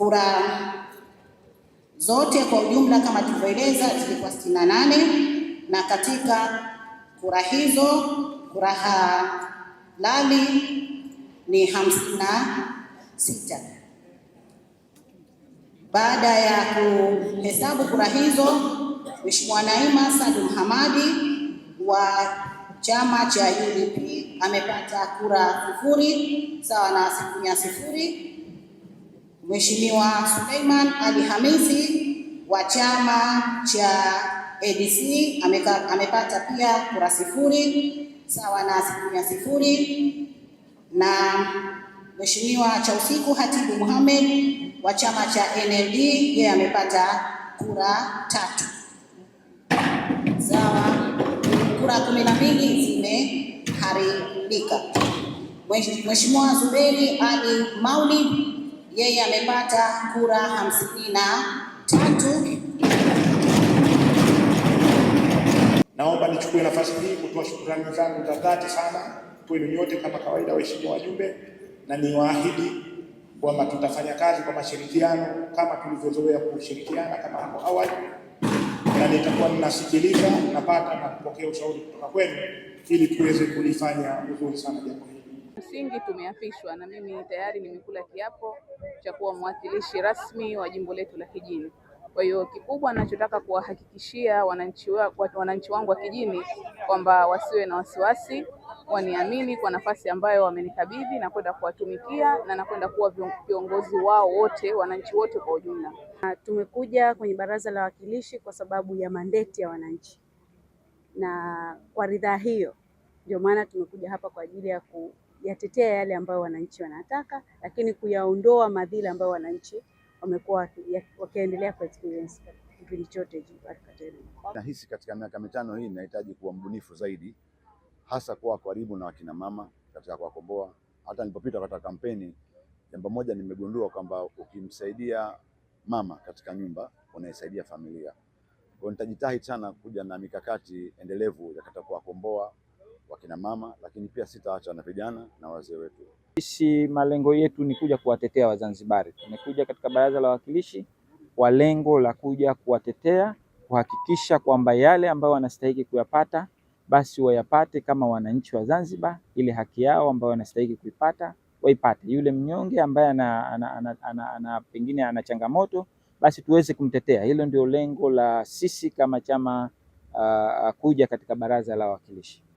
Kura zote kwa ujumla kama tulivyoeleza zilikuwa sitini na nane na katika kura hizo kura halali ni hamsini na sita. Baada ya kuhesabu kura hizo, Mheshimiwa Naima Salim Hamadi wa chama cha UDP amepata kura sifuri sawa na asilimia sifuri Mheshimiwa Suleiman Ali Hamisi wa chama cha ADC ameka, amepata pia kura sifuri sawa na asilimia sifuri na Mheshimiwa Chausiku Hatibu Muhammad wa chama cha NLD yeye amepata kura tatu sawa, kura kumi na mbili zimeharibika. Mheshimiwa Zuberi Ali Maulid yeye amepata kura hamsini na tatu. Naomba nichukue nafasi hii kutoa shukrani zangu za dhati sana kwenu nyote, kama kawaida, waheshimiwa wajumbe, na niwaahidi kwamba tutafanya kazi kwa mashirikiano kama tulivyozoea kushirikiana kama hapo awali, na nitakuwa ninasikiliza, napata na kupokea ushauri kutoka kwenu ili tuweze kulifanya vizuri sana jambo hili. Kimsingi tumeapishwa na mimi tayari nimekula kiapo cha kuwa mwakilishi rasmi wa jimbo letu la Kijini. Kwa hiyo kikubwa nachotaka kuwahakikishia wananchi wa, wananchi wangu wa Kijini kwamba wasiwe na wasiwasi, waniamini kwa nafasi ambayo wamenikabidhi na kwenda kuwatumikia na nakwenda kuwa viongozi wao wote, wananchi wote kwa ujumla. Tumekuja kwenye Baraza la Wawakilishi kwa sababu ya mandeti ya wananchi, na kwa ridhaa hiyo ndio maana tumekuja hapa kwa ajili ya ku kuyatetea yale ambayo wananchi wanataka, lakini kuyaondoa madhila ambayo wananchi wamekuwa wakiendelea kwa experience kipindi chote. Nahisi katika miaka mitano hii inahitaji kuwa mbunifu zaidi, hasa kuwa karibu na wakina mama katika kuwakomboa. Hata nilipopita katika kampeni, jambo moja nimegundua kwamba ukimsaidia mama katika nyumba unaisaidia familia. Kwa nitajitahidi sana kuja na mikakati endelevu ya katika kuwakomboa wakina mama, lakini pia sitaacha na vijana na wazee wetu. Sisi malengo yetu ni kuja kuwatetea Wazanzibari. Tumekuja katika Baraza la Wawakilishi kwa lengo la kuja kuwatetea, kuhakikisha kwamba yale ambayo wanastahili kuyapata basi wayapate kama wananchi wa Zanzibar, ile haki yao ambayo wanastahili kuipata waipate. Yule mnyonge ambaye ana, ana, ana, ana, ana pengine ana changamoto basi tuweze kumtetea. Hilo ndio lengo la sisi kama chama uh, kuja katika Baraza la Wawakilishi.